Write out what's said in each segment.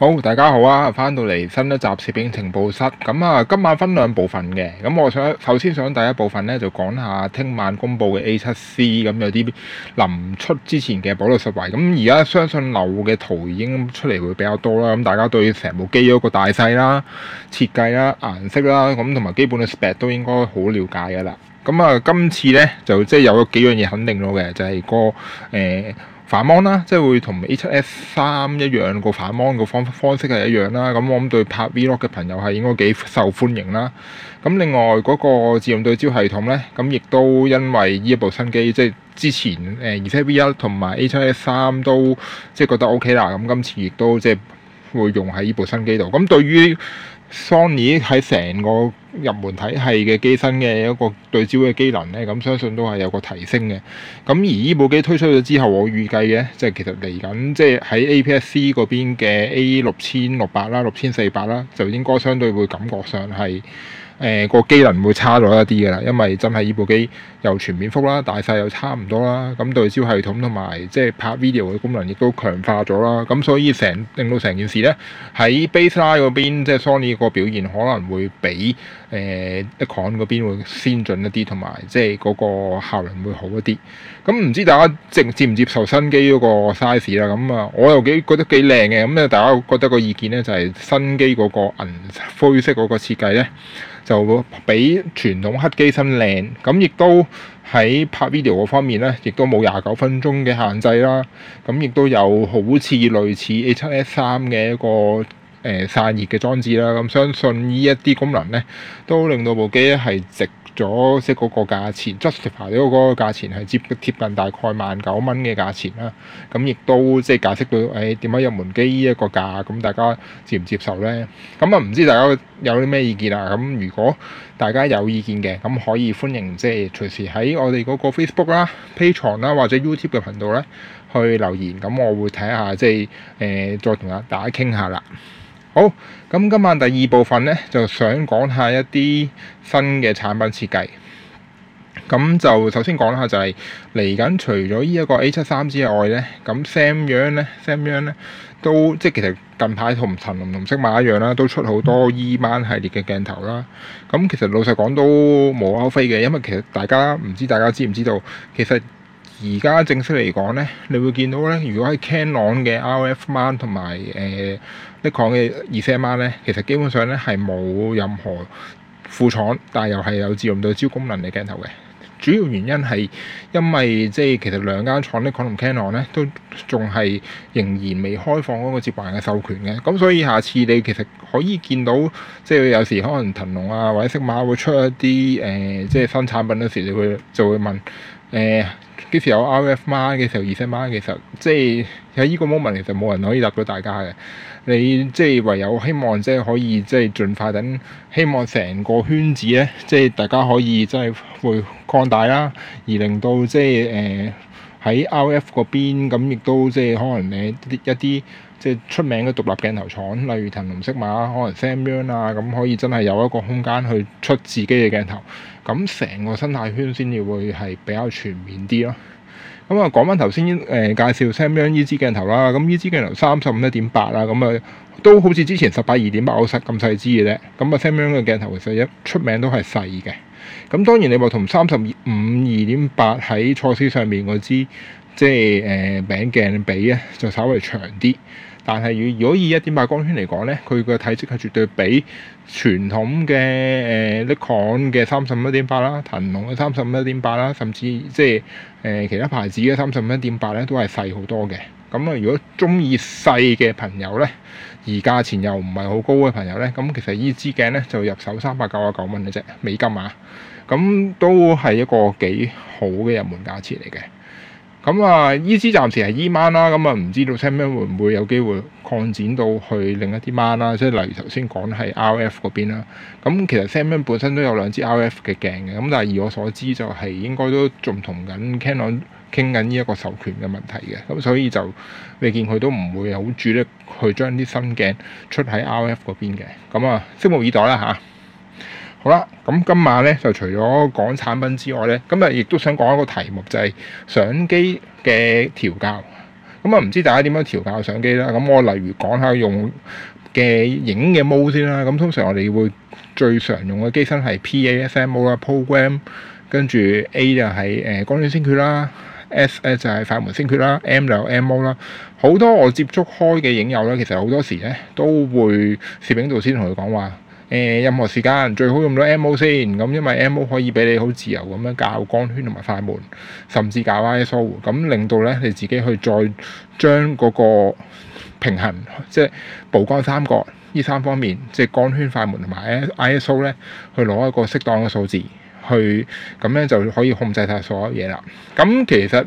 好，大家好啊！翻到嚟新一集攝影情報室，咁啊，今晚分兩部分嘅，咁我想首先想第一部分咧，就講下聽晚公布嘅 A7C，咁有啲臨出之前嘅保留實惠，咁而家相信流嘅圖已經出嚟會比較多啦，咁大家對成部機嗰個大細啦、設計啦、顏色啦，咁同埋基本嘅 spec 都應該好了解噶啦。咁啊，今次咧就即係、就是、有幾樣嘢肯定咗嘅，就係、是那個誒。呃反芒啦，即係會同 A 七 S 三一樣，個反芒個方方式係一樣啦。咁我諗對拍 Vlog 嘅朋友係應該幾受歡迎啦。咁另外嗰個自動對焦系統呢，咁亦都因為呢一部新機，即係之前誒，而且 V 一同埋 A 七 S 三都即係覺得 OK 啦。咁今次亦都即係會用喺呢部新機度。咁對於 Sony 喺成個入門體系嘅機身嘅一個對焦嘅機能咧，咁相信都係有個提升嘅。咁而呢部機推出咗之後，我預計嘅即係其實嚟緊，即係喺 APS-C 嗰邊嘅 A 六千六百啦、六千四百啦，就，是、8, 8，就應該相對會感覺上係。誒、呃嗰個機能會差咗一啲㗎啦，因為真係呢部機又全片幅啦，大細又差唔多啦，咁對焦系統同埋即係拍 video 嘅功能亦都強化咗啦，咁所以成令到成件事咧喺 base line 嗰邊，即、就、係、是、Sony 個表現可能會比誒 Canon 嗰邊會先進一啲，同埋即係嗰個效能會好一啲。咁唔知大家接接唔接受新機嗰個 size 啦？咁啊，我又幾覺得幾靚嘅，咁啊大家覺得個意見咧就係、是、新機嗰個銀灰色嗰個設計咧，就比傳統黑機身靚，咁亦都喺拍 video 嗰方面咧，亦都冇廿九分鐘嘅限制啦。咁亦都有好似類似 A7S 三嘅一個誒、呃、散熱嘅裝置啦。咁相信呢一啲功能咧，都令到部機咧係值。咗即係嗰個價錢，justify 嗰個價錢係接貼近大概萬九蚊嘅價錢啦。咁亦都即係、就是、解釋到，誒點解入門機呢一個價，咁大家接唔接受咧？咁啊唔知大家有啲咩意見啊？咁如果大家有意見嘅，咁可以歡迎即係、就是、隨時喺我哋嗰個 Facebook 啦、Patreon 啦或者 YouTube 嘅頻道咧去留言。咁我會睇下即係誒、呃、再同啊大家傾下啦。好，咁今晚第二部分呢，就想講下一啲新嘅產品設計。咁就首先講一下就係嚟緊，除咗呢一個 A 七三之外呢，咁 Samyang 呢，Samyang 呢都即係其實近排同騰龍同適馬一樣啦，都出好多依、e、班系列嘅鏡頭啦。咁其實老實講都冇歐菲嘅，因為其實大家唔知大家知唔知道，其實而家正式嚟講呢，你會見到呢，如果係 Canon 嘅 RF 班同埋誒。Man, 啲講嘅二色馬咧，mart，其實基本上咧係冇任何副廠，但係又係有自動對焦功能嘅鏡頭嘅。主要原因係因為即係其實兩間廠，尼康同 Canon 咧都仲係仍然未開放嗰個接環嘅授權嘅。咁、嗯、所以下次你其實可以見到，即係有時可能騰龍啊或者色馬會出一啲誒、呃、即係新產品嗰時，你就會就會問誒幾、呃、時有 RF 馬嘅時候，二色馬嘅時候，即係喺依個 moment 其實冇人可以答到大家嘅。你即係唯有希望，即係可以即係盡快等，希望成個圈子咧，即係大家可以真係會擴大啦，而令到即係誒喺 RF 嗰邊，咁亦都即係可能你一啲即係出名嘅獨立鏡頭廠，例如騰龍色碼，可能 Samyang 啊，咁可以真係有一個空間去出自己嘅鏡頭，咁成個生態圈先至會係比較全面啲咯。咁啊，講翻頭先誒，介紹 Samyang 呢支鏡頭啦。咁呢支鏡頭三十五一點八啊，咁啊都好似之前十八二點八歐塞咁細支嘅啫。咁啊，Samyang 嘅鏡頭其實一出名都係細嘅。咁當然你話同三十五二點八喺蔡司上面嗰支即係誒餅鏡比啊，就稍微長啲。但係，如果以一點八光圈嚟講咧，佢個體積係絕對比傳統嘅誒、呃、Nikon 嘅三十五一點八啦、騰龍嘅三十五一點八啦，甚至即係誒其他牌子嘅三十五一點八咧，都係細好多嘅。咁啊，如果中意細嘅朋友咧，而價錢又唔係好高嘅朋友咧，咁、嗯、其實鏡呢支鏡咧就入手三百九啊九蚊嘅啫，美金啊，咁、嗯、都係一個幾好嘅入門價錢嚟嘅。咁啊，依支暫時係、e、man 啦、嗯，咁啊唔知道 Samyang 會唔會有機會擴展到去另一啲 man 啦？即係例如頭先講係 R F 嗰邊啦。咁、嗯、其實 Samyang 本身都有兩支 R F 嘅鏡嘅，咁、嗯、但係以我所知就係應該都仲同緊 Canon 傾緊呢一個授權嘅問題嘅，咁、嗯、所以就未見佢都唔會好主力去將啲新鏡出喺 R F 嗰邊嘅。咁、嗯、啊，拭目以待啦嚇。好啦，咁今晚咧就除咗講產品之外咧，今日亦都想講一個題目，就係相機嘅調校。咁啊，唔知大家點樣調校相機啦？咁我例如講下用嘅影嘅 mode 先啦。咁通常我哋會最常用嘅機身係 P、A、S、M、O 啦，Program 跟住 A 就係誒光圈先決啦，S 咧就係快門先決啦，M 就 M O 啦。好多我接觸開嘅影友咧，其實好多時咧都會攝影導師同佢講話。任何時間最好用到 M O 先，咁因為 M O 可以俾你好自由咁樣校光圈同埋快門，甚至校 I S O，咁令到咧你自己去再將嗰個平衡，即係曝光三角呢三方面，即係光圈、快門同埋 I S O 咧，去攞一個適當嘅數字去，咁咧就可以控制晒所有嘢啦。咁其實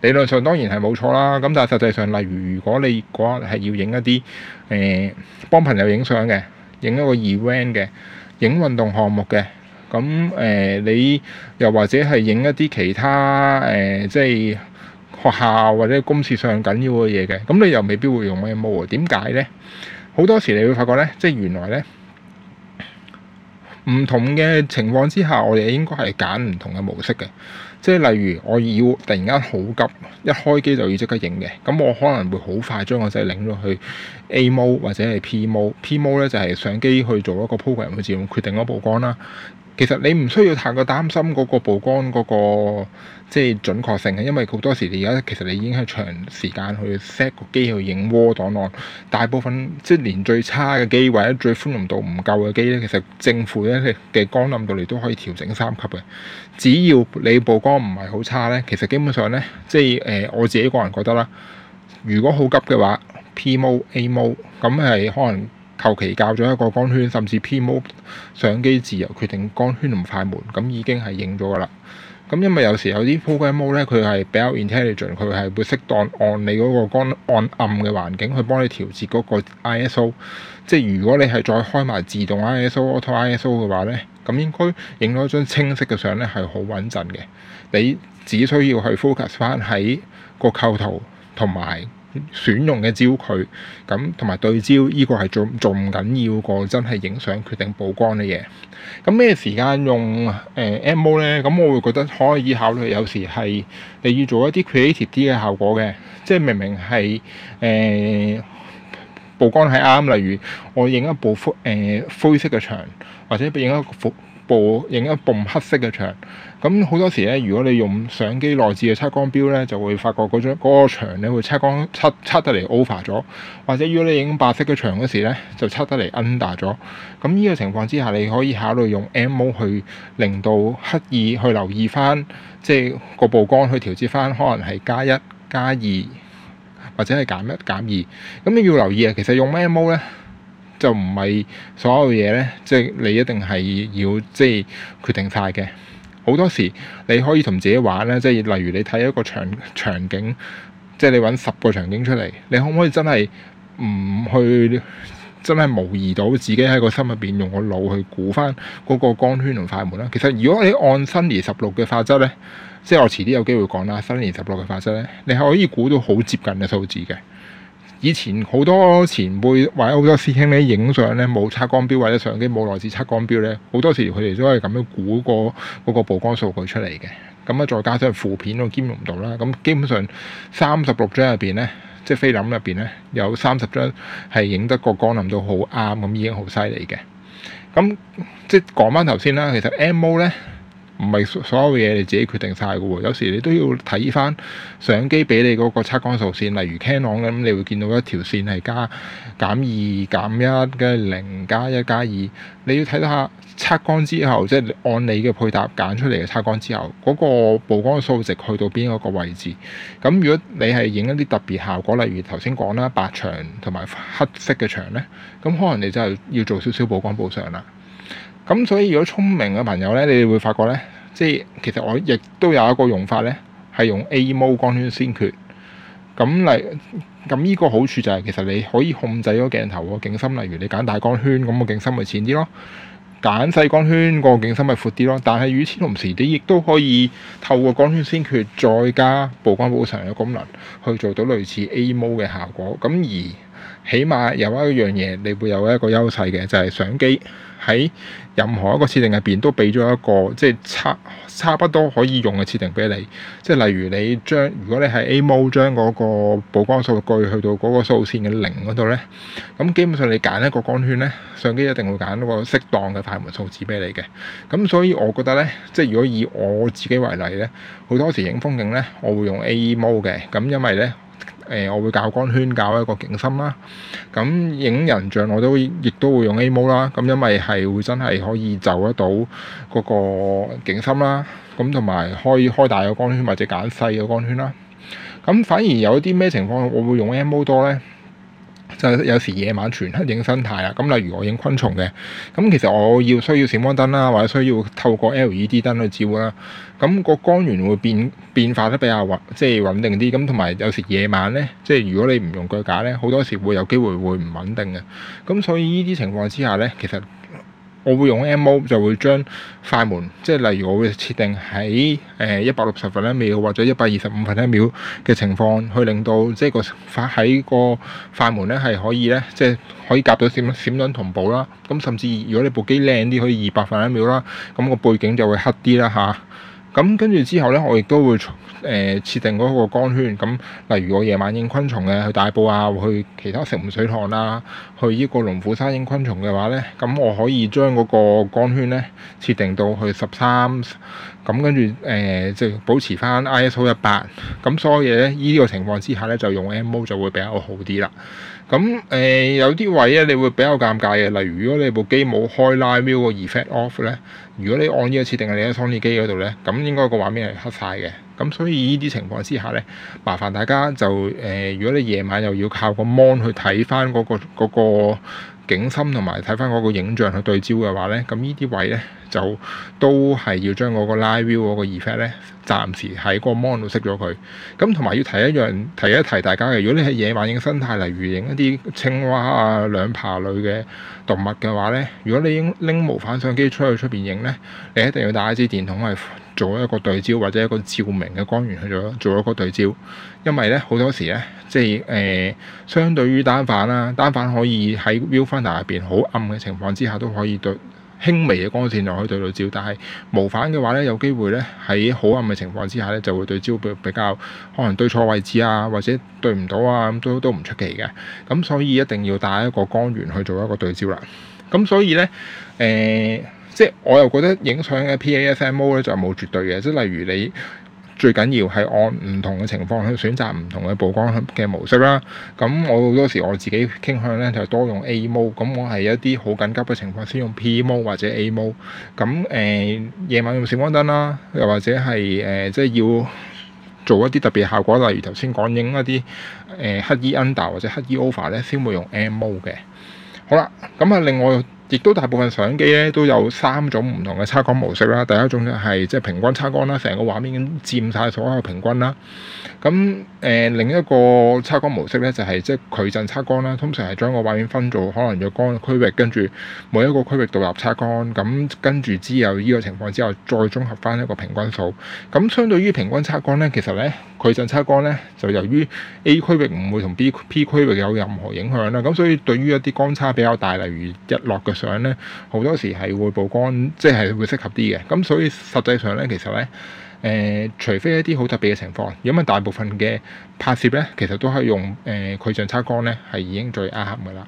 理論上當然係冇錯啦，咁但係實際上，例如如果你嗰日係要影一啲誒、欸、幫朋友影相嘅。影一個 event 嘅，影運動項目嘅，咁誒、呃、你又或者係影一啲其他誒、呃，即係學校或者公司上緊要嘅嘢嘅，咁你又未必會用咩模啊？點解呢？好多時你會發覺呢，即係原來呢，唔同嘅情況之下，我哋應該係揀唔同嘅模式嘅。即係例如我要突然間好急，一開機就要即刻影嘅，咁我可能會好快將個掣擰落去 A mode 或者係 P mode。P mode 咧就係相機去做一個 program 去自動決定嗰曝光啦。其實你唔需要太過擔心嗰個曝光嗰、那個即係準確性嘅，因為好多時而家其實你已經係長時間去 set 個機去影窩檔案。大部分即係連最差嘅機或者最寬容度唔夠嘅機咧，其實政府咧嘅光暗度你都可以調整三級嘅。只要你曝光唔係好差咧，其實基本上咧，即係誒、呃、我自己個人覺得啦。如果好急嘅話，P m o A m o 咁係可能。後期校咗一個光圈，甚至 P mode，相機自由決定光圈同快門，咁已經係影咗㗎啦。咁因為有時候有啲 program mode 咧，佢係比較 intelligent，佢係會適當按你嗰個光按暗嘅環境去幫你調節嗰個 ISO。即係如果你係再開埋自動 ISO、Auto ISO 嘅話咧，咁應該影到一張清晰嘅相咧係好穩陣嘅。你只需要去 focus 翻喺個構圖同埋。選用嘅焦距咁，同埋對焦呢個係仲仲唔緊要過真係影相決定曝光嘅嘢。咁咩時間用誒、呃、M O 咧？咁我會覺得可以考慮，有時係你要做一啲 creative 啲嘅效果嘅，即係明明係誒、呃、曝光係啱，例如我影一部灰灰色嘅牆，或者影一個部影一部黑色嘅牆。咁好多時咧，如果你用相機內置嘅測光錶咧，就會發覺嗰張嗰個牆咧會測光測測得嚟 over 咗，或者如果你影白色嘅牆嗰時咧，就測得嚟 under 咗。咁呢個情況之下，你可以考慮用 M O 去令到刻意去留意翻，即係個曝光去調節翻，可能係加一加二，或者係減一減二。咁你要留意啊，其實用咩 M O 咧，就唔係所有嘢咧，即係你一定係要即係決定晒嘅。好多時你可以同自己玩咧，即係例如你睇一個場場景，即係你揾十個場景出嚟，你可唔可以真係唔去真係模擬到自己喺個心入邊用個腦去估返嗰個光圈同快門咧？其實如果你按 Sunny 16嘅法則咧，即係我遲啲有機會講啦，Sunny 16嘅法則咧，你係可以估到好接近嘅數字嘅。以前好多前輩或者好多師兄咧，影相咧，冇測光錶，或者相機冇內置測光錶咧，好多時佢哋都係咁樣估過個嗰曝光數據出嚟嘅。咁啊，再加上負片都兼容唔到啦。咁基本上三十六張入邊咧，即係菲林入邊咧，有三十張係影得個光臨到好啱，咁已經好犀利嘅。咁即係講翻頭先啦，其實 M.O. 咧。唔係所有嘢你自己決定晒嘅喎，有時你都要睇翻相機俾你嗰個測光數線，例如 Canon 咧，咁你會見到一條線係加減二減一嘅零加一加二，1, 加 1, 加 2, 你要睇下測光之後，即、就、係、是、按你嘅配搭揀出嚟嘅測光之後，嗰、那個曝光數值去到邊一個位置。咁如果你係影一啲特別效果，例如頭先講啦，白牆同埋黑色嘅牆呢，咁可能你就係要做少少曝光補償啦。咁所以如果聰明嘅朋友呢，你哋會發覺咧，即係其實我亦都有一個用法呢係用 A 模光圈先決。咁嚟，咁呢個好處就係、是、其實你可以控制咗鏡頭個景深，例如你揀大光圈，咁、那個景深咪淺啲咯；揀細光圈，個景深咪闊啲咯。但係與此同時，你亦都可以透過光圈先決再加曝光補償嘅功能，去做到類似 A mode 嘅效果。咁而起碼有一樣嘢，你會有一個優勢嘅，就係、是、相機喺任何一個設定入邊都俾咗一個即係差差不多可以用嘅設定俾你。即係例如你將，如果你係 A mode，將嗰個曝光數據去到嗰個數線嘅零嗰度咧，咁基本上你揀一個光圈咧，相機一定會揀一個適當嘅快門數字俾你嘅。咁所以我覺得咧，即係如果以我自己為例咧，好多時影風景咧，我會用 A mode 嘅。咁因為咧。誒、呃，我會教光圈教一個景深啦。咁影人像我都亦都會用 A Mode 啦。咁因為係會真係可以就得到嗰個景深啦。咁同埋可以開大個光圈或者揀細個光圈啦。咁反而有啲咩情況我會用、a、M Mode 多咧？有時夜晚全黑影生態啦，咁例如我影昆蟲嘅，咁其實我要需要閃光燈啦，或者需要透過 LED 燈去照啦，咁個光源會變變化得比較穩，即係穩定啲。咁同埋有時夜晚咧，即係如果你唔用腳架咧，好多時會有機會會唔穩定嘅。咁所以呢啲情況之下咧，其實。我會用 M mode 就會將快門，即係例如我會設定喺誒一百六十分一秒或者一百二十五分一秒嘅情況，去令到即係個快喺個快門咧係可以咧，即係可以夾到閃閃燈同步啦。咁甚至如果你部機靚啲，可以二百分一秒啦，咁個背景就會黑啲啦嚇。啊咁跟住之後呢，我亦都會誒設、呃、定嗰個光圈。咁、嗯、例如我夜晚影昆蟲嘅，去大埔啊，去其他食蟲水塘啦、啊，去呢個龍虎山影昆蟲嘅話呢，咁、嗯、我可以將嗰個光圈呢設定到去十三、嗯。咁跟住誒，即、呃、保持翻 ISO 一八、嗯。咁所有嘢呢，呢、這個情況之下呢，就用 M mode 就會比較好啲啦。咁、嗯、誒、呃、有啲位咧，你會比較尷尬嘅。例如如果你部機冇開 Live View 個 Effect Off 呢。如果你按呢個設定喺你嘅創意機嗰度咧，咁應該個畫面係黑晒嘅。咁所以呢啲情況之下咧，麻煩大家就誒、呃，如果你夜晚又要靠個 mon 去睇返嗰個嗰個嗰個景深同埋睇翻嗰個影像去對焦嘅話咧，咁呢啲位咧就都係要將嗰個 live view 嗰個 effect 咧，暫時喺個 mon 度熄咗佢。咁同埋要提一樣，提一提大家嘅，如果你喺夜晚影生態，例如影一啲青蛙啊、兩爬類嘅動物嘅話咧，如果你拎無反相機出去出邊影咧，你一定要帶一支電筒去。做一個對焦或者一個照明嘅光源去做，做一個對焦。因為咧好多時咧，即係誒、呃，相對於單反啦、啊，單反可以喺 Viewfinder 入邊好暗嘅情況之下都可以對輕微嘅光線就可以對到焦。但係無反嘅話咧，有機會咧喺好暗嘅情況之下咧，就會對焦比比較可能對錯位置啊，或者對唔到啊，咁都都唔出奇嘅。咁所以一定要帶一個光源去做一個對焦啦。咁所以咧，誒、呃。即係我又覺得影相嘅 PASMO 咧就冇絕對嘅，即係例如你最緊要係按唔同嘅情況去選擇唔同嘅曝光嘅模式啦。咁我好多時我自己傾向咧就多用 A mode，咁我係一啲好緊急嘅情況先用 P mode 或者 A mode。咁誒夜晚用閃光燈啦，又或者係誒、呃、即係要做一啲特別效果，例如頭先講影一啲誒、呃、黑衣 under 或者黑衣 over 咧，先會用 M mode 嘅。好啦，咁啊另外。亦都大部分相機咧都有三種唔同嘅測光模式啦。第一種咧係即係平均測光啦，成個畫面咁佔晒所有平均啦。咁誒、呃、另一個測光模式咧就係即係矩陣測光啦。通常係將個畫面分做可能若干區域，跟住每一個區域獨立測光，咁跟住之後依個情況之後再綜合翻一個平均數。咁相對於平均測光咧，其實咧。佢陣測光咧，就由於 A 區域唔會同 B P 區域有任何影響啦，咁所以對於一啲光差比較大，例如日落嘅相咧，好多時係會曝光，即係會適合啲嘅。咁所以實際上咧，其實咧。誒、呃，除非一啲好特別嘅情況，如果唔係，大部分嘅拍攝咧，其實都係用誒，對、呃、像測光咧，係已經最啱嘅啦。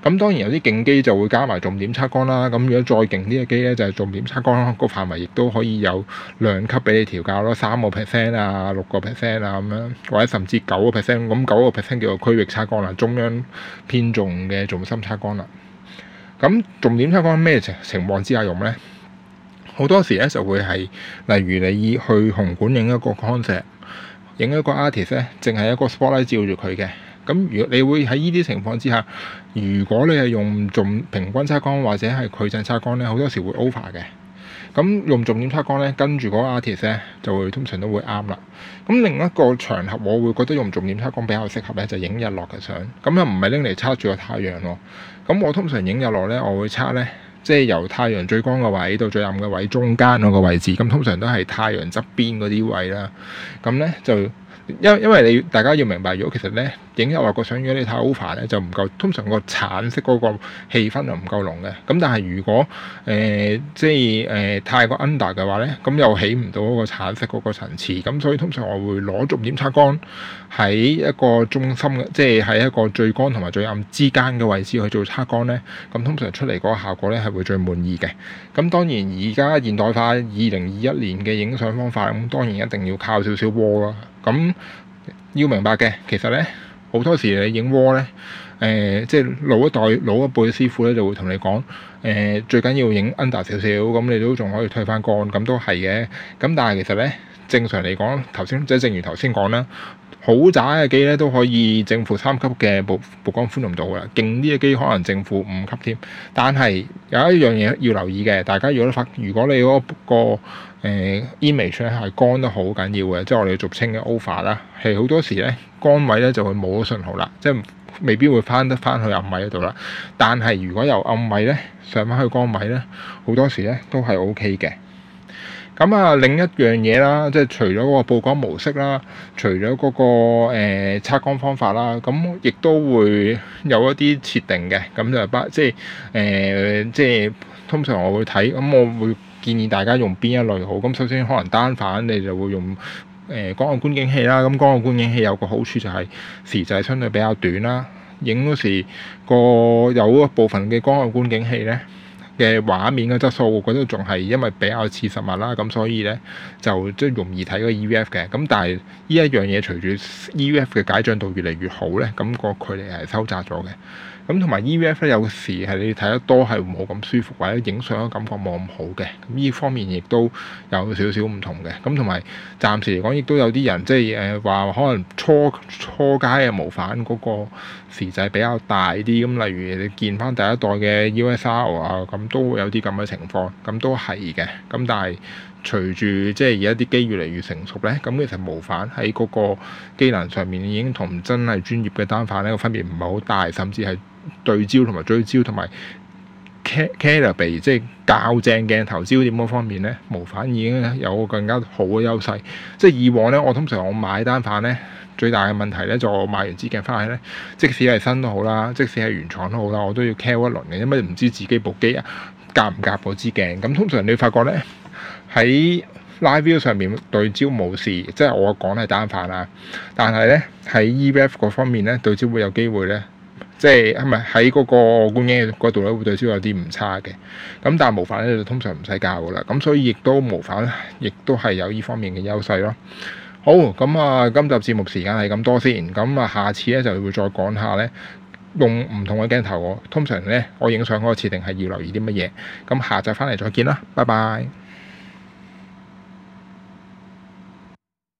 咁當然有啲勁機就會加埋重點測光啦。咁如果再勁啲嘅機咧，就係、是、重點測光啦。個範圍亦都可以有兩級俾你調教咯，三個 percent 啊，六個 percent 啊咁樣，或者甚至九個 percent。咁九個 percent 叫做區域測光啦，中央偏重嘅重心測光啦。咁重點測光咩情情況之下用咧？好多時咧就會係，例如你去紅館影一個 concert 影一個 artist 咧，淨係一個 spotlight 照住佢嘅。咁如果你會喺呢啲情況之下，如果你係用重平均測光或者係矩陣測光咧，好多時會 over 嘅。咁用重點測光咧，跟住嗰個 artist 咧就會通常都會啱啦。咁另一個場合我會覺得用重點測光比較適合咧，就影、是、日落嘅相。咁又唔係拎嚟測住個太陽咯。咁我通常影日落咧，我會測咧。即係由太陽最光嘅位到最暗嘅位，中間嗰個位置，咁通常都係太陽側邊嗰啲位啦。咁呢就。因因為你大家要明白，如果其實咧影外國相，如果你太 over 咧，就唔夠。通常個橙色嗰個氣氛又唔夠濃嘅。咁但係如果誒、呃、即係誒、呃、太過 under 嘅話咧，咁又起唔到嗰個橙色嗰個層次。咁所以通常我會攞重點測光喺一個中心，即係喺一個最光同埋最暗之間嘅位置去做測光咧。咁通常出嚟嗰個效果咧係會最滿意嘅。咁當然而家現代化二零二一年嘅影相方法，咁當然一定要靠少少波囉。咁要明白嘅，其實咧好多時你影蝸咧，誒、呃、即係老一代、老一輩師傅咧就會同你講，誒、呃、最緊要影 under 少少，咁你都仲可以退翻光，咁都係嘅。咁但係其實咧，正常嚟講，頭先即係正如頭先講啦，好渣嘅機咧都可以正負三級嘅曝曝光寬容度㗎，勁啲嘅機可能正負五級添。但係有一樣嘢要留意嘅，大家如果發，如果你嗰、嗰個誒、呃、image 咧係光得好緊要嘅，即係我哋俗稱嘅 over 啦，係好多時咧光位咧就會冇咗信號啦，即係未必會翻得翻去暗位嗰度啦。但係如果由暗位咧上翻去光位咧，好多時咧都係 OK 嘅。咁啊，另一樣嘢啦，即係除咗個曝光模式啦，除咗嗰、那個誒測、呃、光方法啦，咁亦都會有一啲設定嘅。咁就係即係誒，即係、呃、通常我會睇，咁我會。建議大家用邊一類好？咁首先可能單反你就會用誒光學觀景器啦。咁光學觀景器有個好處就係時滯相對比較短啦。影嗰時個有一部分嘅光學觀景器咧嘅畫面嘅質素，我覺得仲係因為比較似實物啦。咁所以咧就即係容易睇個 E V F 嘅。咁但係呢一樣嘢隨住 E V F 嘅解像度越嚟越好咧，咁個距離係收窄咗嘅。咁同埋 EVF 咧，有時係你睇得多係冇咁舒服，或者影相嘅感覺冇咁好嘅。咁呢方面亦都有少少唔同嘅。咁同埋暫時嚟講，亦都有啲人即係誒話可能初初階嘅無反嗰個。時制比較大啲咁，例如你見翻第一代嘅 u s r 啊，咁都會有啲咁嘅情況，咁、啊、都係嘅。咁、啊、但係隨住即係而家啲機越嚟越成熟咧，咁其實無反喺嗰個機能上面已經同真係專業嘅單反咧，個分別唔係好大，甚至係對焦同埋追焦同埋 calibrate 即係校正鏡頭焦點嗰方面咧，無反已經有個更加好嘅優勢。即係以往咧，我通常我買單反咧。最大嘅問題咧，就是、我買完支鏡翻去咧，即使係新都好啦，即使係原廠都好啦，我都要 care 一輪嘅，因為唔知自己部機啊夾唔夾嗰支鏡。咁、嗯、通常你發覺咧喺 live view 上面對焦冇事，即係我講咧係單反啊。但係咧喺 EVF 嗰方面咧對焦會有機會咧，即係係咪喺嗰個觀景嗰度咧會對焦有啲唔差嘅。咁、嗯、但係無反咧就通常唔使校噶啦，咁、嗯、所以亦都無反亦都係有呢方面嘅優勢咯。好，咁、嗯、啊，今集節目時間係咁多先，咁、嗯、啊，下次咧就會再講下咧，用唔同嘅鏡頭，通常咧我影相嗰個設定係要留意啲乜嘢，咁、嗯、下集翻嚟再見啦，拜拜。